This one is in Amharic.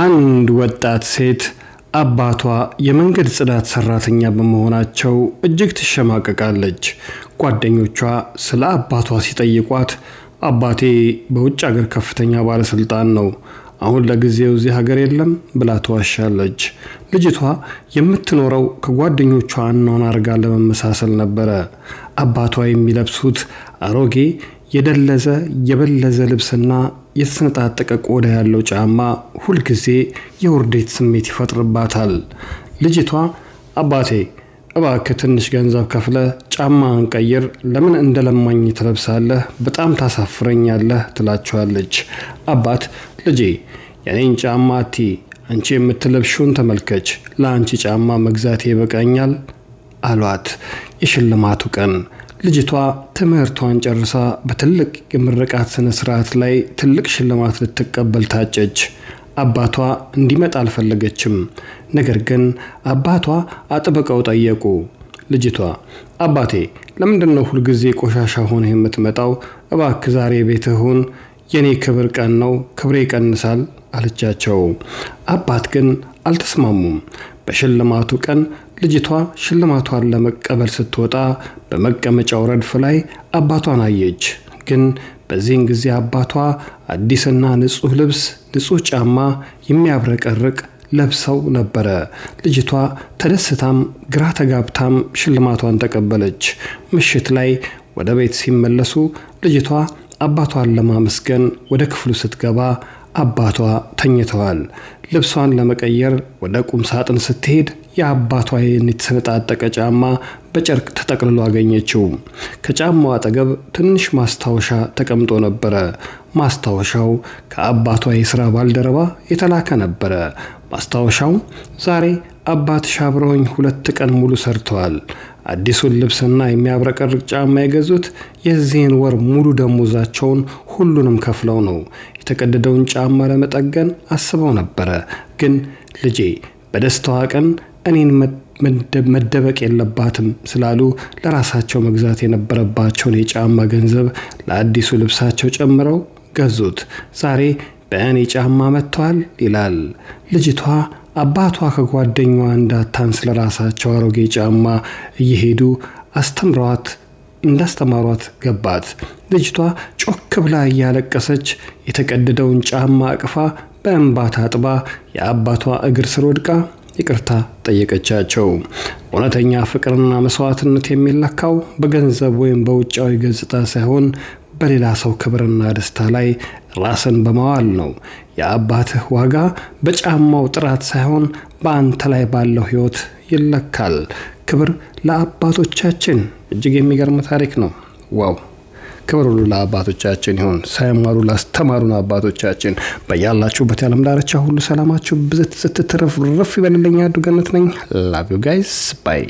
አንድ ወጣት ሴት አባቷ የመንገድ ጽዳት ሰራተኛ በመሆናቸው እጅግ ትሸማቀቃለች። ጓደኞቿ ስለ አባቷ ሲጠይቋት አባቴ በውጭ አገር ከፍተኛ ባለስልጣን ነው አሁን ለጊዜው እዚህ ሀገር የለም ብላ ትዋሻለች። ልጅቷ የምትኖረው ከጓደኞቿ አኗኗር ጋር ለመመሳሰል ነበረ። አባቷ የሚለብሱት አሮጌ የደለዘ የበለዘ ልብስና የተሰነጣጠቀ ቆዳ ያለው ጫማ ሁልጊዜ የውርዴት ስሜት ይፈጥርባታል። ልጅቷ አባቴ እባክህ ትንሽ ገንዘብ ከፍለ ጫማህን ቀይር፣ ለምን እንደ ለማኝ ትለብሳለህ? በጣም ታሳፍረኛለህ ትላቸዋለች። አባት ልጄ የኔን ጫማ አቲ አንቺ የምትለብሽውን ተመልከች፣ ለአንቺ ጫማ መግዛቴ ይበቃኛል አሏት። የሽልማቱ ቀን ልጅቷ ትምህርቷን ጨርሳ በትልቅ የምረቃት ስነ ስርዓት ላይ ትልቅ ሽልማት ልትቀበል ታጨች። አባቷ እንዲመጣ አልፈለገችም። ነገር ግን አባቷ አጥብቀው ጠየቁ። ልጅቷ አባቴ፣ ለምንድን ነው ሁልጊዜ ቆሻሻ ሆነ የምትመጣው? እባክ ዛሬ ቤትህ ሁን የኔ ክብር ቀን ነው፣ ክብሬ ይቀንሳል አለቻቸው። አባት ግን አልተስማሙም። በሽልማቱ ቀን ልጅቷ ሽልማቷን ለመቀበል ስትወጣ በመቀመጫው ረድፍ ላይ አባቷን አየች። ግን በዚህን ጊዜ አባቷ አዲስና ንጹህ ልብስ፣ ንጹህ ጫማ የሚያብረቀርቅ ለብሰው ነበረ። ልጅቷ ተደስታም ግራ ተጋብታም ሽልማቷን ተቀበለች። ምሽት ላይ ወደ ቤት ሲመለሱ ልጅቷ አባቷን ለማመስገን ወደ ክፍሉ ስትገባ አባቷ ተኝተዋል። ልብሷን ለመቀየር ወደ ቁም ሳጥን ስትሄድ የአባቷ የተሰነጣጠቀ ጫማ በጨርቅ ተጠቅልሎ አገኘችው። ከጫማው አጠገብ ትንሽ ማስታወሻ ተቀምጦ ነበረ። ማስታወሻው ከአባቷ የሥራ ባልደረባ የተላከ ነበረ። ማስታወሻው ዛሬ አባትሽ አብረውኝ ሁለት ቀን ሙሉ ሰርተዋል። አዲሱን ልብስና የሚያብረቀርቅ ጫማ የገዙት የዚህን ወር ሙሉ ደሞዛቸውን ሁሉንም ከፍለው ነው። የተቀደደውን ጫማ ለመጠገን አስበው ነበረ። ግን ልጄ በደስታዋ ቀን እኔን መደበቅ የለባትም ስላሉ ለራሳቸው መግዛት የነበረባቸውን የጫማ ገንዘብ ለአዲሱ ልብሳቸው ጨምረው ገዙት። ዛሬ በእኔ ጫማ መጥተዋል ይላል ልጅቷ አባቷ ከጓደኛዋ ስለ ራሳቸው አሮጌ ጫማ እየሄዱ አስተምረዋት እንዳስተማሯት ገባት። ልጅቷ ጮክ ብላ እያለቀሰች የተቀደደውን ጫማ አቅፋ በእንባ ታጥባ የአባቷ እግር ስር ወድቃ ይቅርታ ጠየቀቻቸው። እውነተኛ ፍቅርና መስዋዕትነት የሚለካው በገንዘብ ወይም በውጫዊ ገጽታ ሳይሆን በሌላ ሰው ክብርና ደስታ ላይ ራስን በማዋል ነው። የአባትህ ዋጋ በጫማው ጥራት ሳይሆን በአንተ ላይ ባለው ሕይወት ይለካል። ክብር ለአባቶቻችን። እጅግ የሚገርም ታሪክ ነው። ዋው! ክብር ሁሉ ለአባቶቻችን ይሁን። ሳይማሩ ላስተማሩን አባቶቻችን በያላችሁበት የዓለም ዳርቻ ሁሉ ሰላማችሁ ብዝት ስትትርፍ ርፍ ይበልልኛ። ዱገነት ነኝ። ላቭ ዩ ጋይስ ባይ